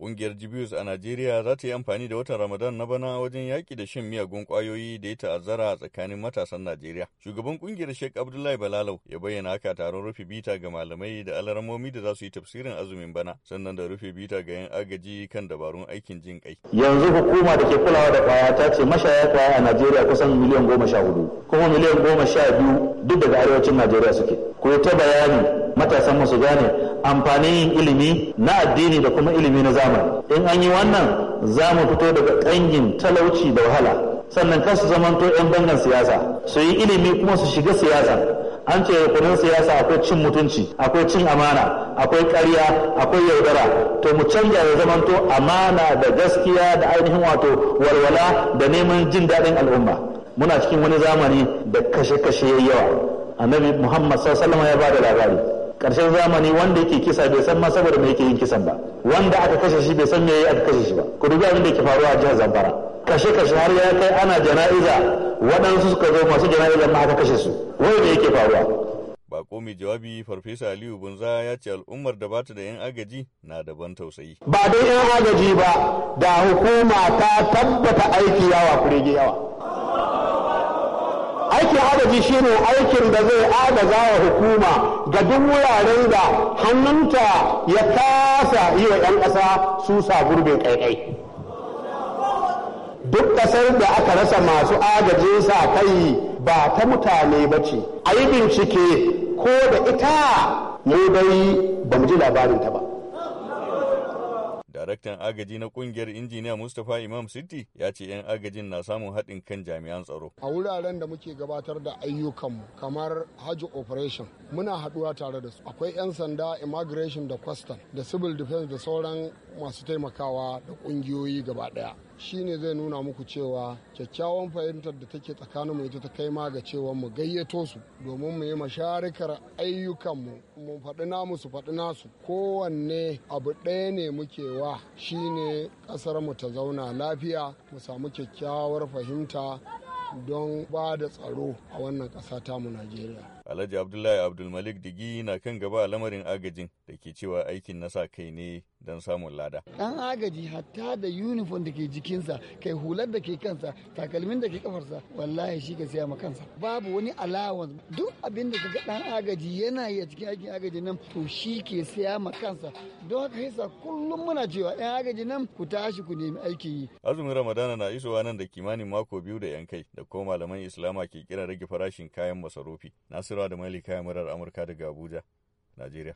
Ƙungiyar Jibius a Najeriya za ta yi amfani da watan Ramadan na bana wajen yaƙi da shan miyagun ƙwayoyi da ya ta'azzara tsakanin matasan Najeriya. Shugaban ƙungiyar Sheikh Abdullahi Balalau ya bayyana haka taron rufe bita ga malamai da alaramomi da za su yi tafsirin azumin bana, sannan da rufe bita ga 'yan agaji kan dabarun aikin jin ƙai. Yanzu hukuma da ke kulawa da kwaya ta ce mashaya kwaya a Najeriya kusan miliyan goma sha hudu, kuma miliyan goma sha biyu duk daga arewacin Najeriya suke. Ko ta bayani matasan mu su gane amfanin yin ilimi na addini da kuma ilimi na zamani in an yi wannan za mu fito daga ƙangin talauci da wahala sannan kar su zamanto 'yan bangan siyasa su yi ilimi kuma su shiga siyasa an ce rukunin siyasa akwai cin mutunci akwai cin amana akwai karya, akwai yaudara to mu canja da zamanto amana da gaskiya da ainihin wato walwala da neman jin daɗin al'umma muna cikin wani zamani da kashe-kashe yawa annabi muhammad sallallahu alaihi sallam ya ba da labari Karshen zamani wanda yake kisa bai san ma saboda mai yake yin kisan ba wanda aka kashe shi bai san me aka kashe shi ba ku dubi abin da yake faruwa a jihar Zamfara kashe kashe har ya kai ana jana'iza waɗansu suka zo masu jana'iza ma aka kashe su wai me yake faruwa bako mai jawabi farfesa aliyu bunza ya ce al'ummar da bata da yan agaji na daban tausayi ba dai yan agaji ba da hukuma ta tabbata aiki yawa kurege yawa aikin agaji ne aikin da zai agaza wa hukuma ga duk wuraren da hannunta ya kasa yi wa 'yan ƙasa su sa gurbin ƙaiƙai duk ƙasar da aka rasa masu agajin sa kai ba ta mutane ba ce a yi bincike ko da ita mu dai ba mu ji labarinta ba Daraktan agaji na kungiyar injiniya Mustapha Imam City ya ce 'yan agajin na samun haɗin kan jami'an tsaro. A wuraren da muke gabatar da ayyukanmu kamar Hajji Operation muna haɗuwa tare da su. Akwai 'yan sanda immigration da custom da civil defense da sauran masu taimakawa da ƙungiyoyi gaba ɗaya. shine zai nuna muku cewa kyakkyawan fahimtar da take tsakanin mu ita ta kai ma ga cewa mu gayyato su domin mu yi masharikar ayyukanmu mu faɗi namu su faɗi nasu kowanne abu ɗaya ne muke wa shine ƙasar mu ta zauna lafiya mu samu kyakkyawar fahimta don ba da tsaro a wannan ƙasa tamu Najeriya. Alhaji Abdullahi Abdulmalik Digi na kan gaba lamarin agajin da ke cewa aikin na sa kai ne don samun lada. Ɗan agaji hatta da uniform da ke jikinsa, kai hular da ke kansa, takalmin da ke kafarsa, wallahi shi ka siya ma kansa. Babu wani allowance duk abin da kaga ɗan agaji yana yi a cikin aikin agaji nan to shi ke siya ma kansa. Don haka yasa kullum muna cewa ɗan agaji nan ku tashi ku nemi aiki yi. Azumin Ramadana na isowa nan da kimanin mako biyu da yan kai da kuma malaman Islama ke kira rage farashin kayan masarufi. Nasiru da Malika Murar Amurka daga Abuja, Najeriya.